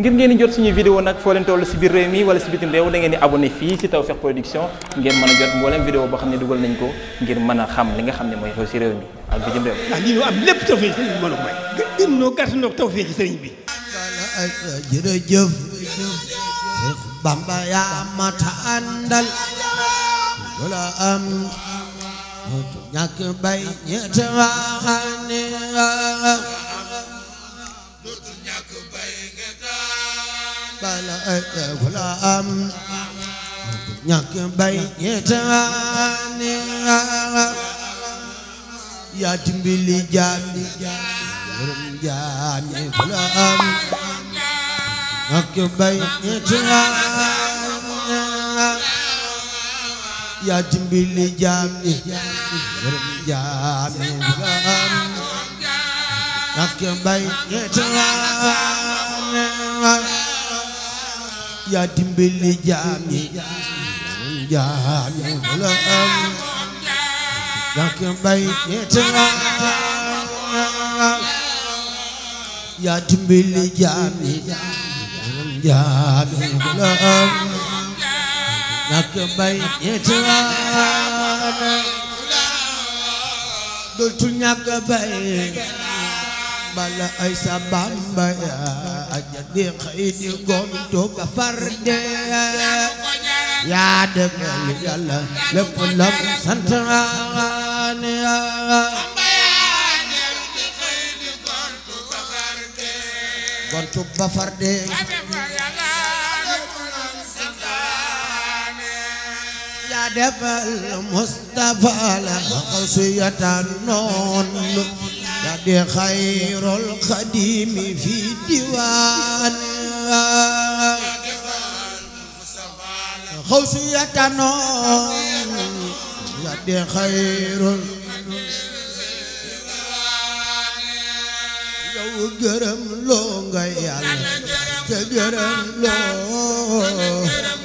ngir ngeen di jot suñu vidéo nag foo leen toll si biir réew mi wala si bitim réew da ngeen di abonné fii si Tawfekh Production ngeen mën a jot mboolem vidéo boo xam ne dugal nañ ko ngir mën a xam li nga xam ne mooy xew si réew mi ak bi mën a may. Bamba yaa mata àndal wala am ñàkk bay ñett waxaane bala gulaam ñàkk bay ñeetaani yaa dimbali jaami yërëm jaami gulaam ñàkk bay ñeetaani yaa dimbali jaami yërëm jaami gulaam ñàkk bay ñeetaani yaa dimbali jaami jaami la am yaa ki mbay ñettanga yaa dimbali jaami jaami la am yaa ki mbay ñettanga dootul ñàkk bay bala ay sa bamba ya yaa dëggal yàlla lépp la mu farde yaa defal Mustafa la xasiyatan noo di xayrul xadimi fi diwaan xawsu yatanoon ya di xayrul yow gërëm loo nga yàlla te gërëm loo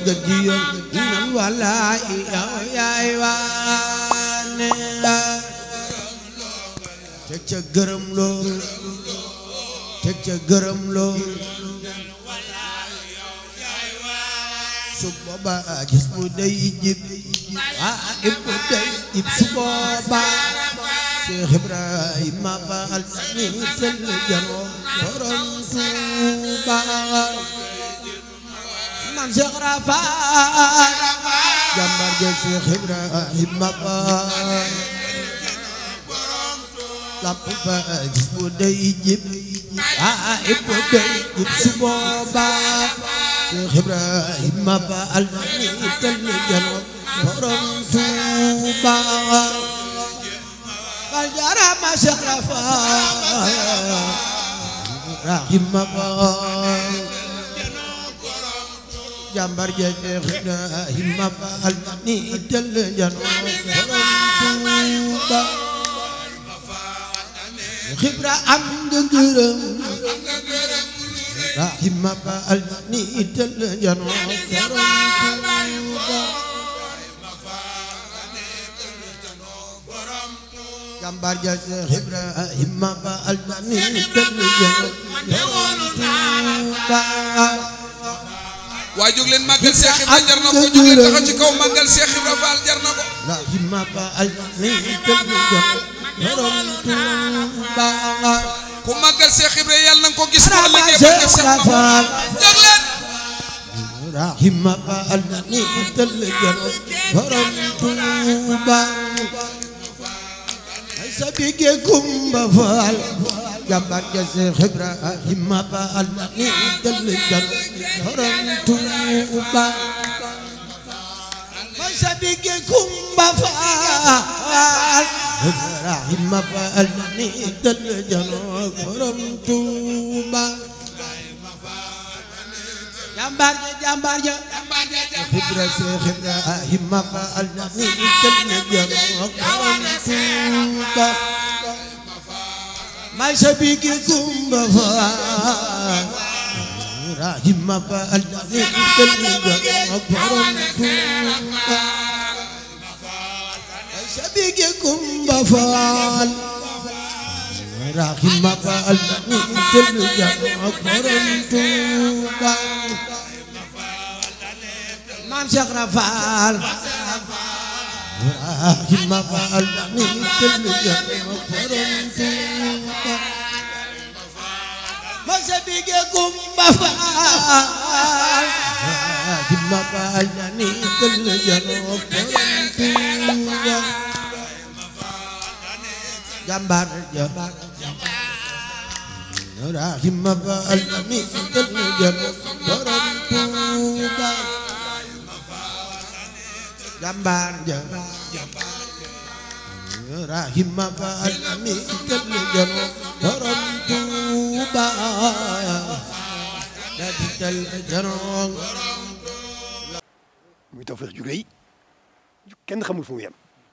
nga diyoon nan walaay yow yaay waane teg ca gërëm loo ca gërëm loo su boobaa gis mu day jib ah it mu day jib su boobaa Cheikh Ibrahima Fall mi sell janoo borom Tuuba man Cheikh Rafa jàmbar ja Cheikh Ibrahima Fall làmp ba gis mu day jib ah it mu day jib su boobaa Cheikh Ibrahima ba al ni tal ni jano borom Tuuba bal jarama Cheikh Rafa Ibrahima ba jàmbar ja Cheikh Ibrahima ba al ni tal ni jano borom Tuuba xibra am nga gërëm rahima ba al ni ital janoo jàmbaar ja xibra rahima ba al ni ital janoo waa jóg leen màggal Cheikh Ibra jar na ko jóg leen taxaw ci kaw màggal Cheikh Ibra Fall jar na ko. borom Touba ku na ko gis ko kumba faal rahim faal ni dal janoo borom Tuuba jàmbaar ja jàmbaar ja fudra Seex Ibrahim faal ni dal janoo borom Tuuba may sabiki kumba faal rahim faal ni dal janoo borom Tuuba sabige kumba faal raxima faal nu jël jàmm ak borom Tuuba maam Cheikh Ibra Faal raxima faal nu jël jàmm ak borom Tuuba ma sabige kumba faal raxima faal nu jël jàmm ak borom jàmbaar ja rahima ba alami santal nu jëm borom Tuuba jàmbaar ja rahima ba alami santal nu jëm borom Tuuba da dital jarong muy tawfeex ju rëy kenn xamul fu mu yem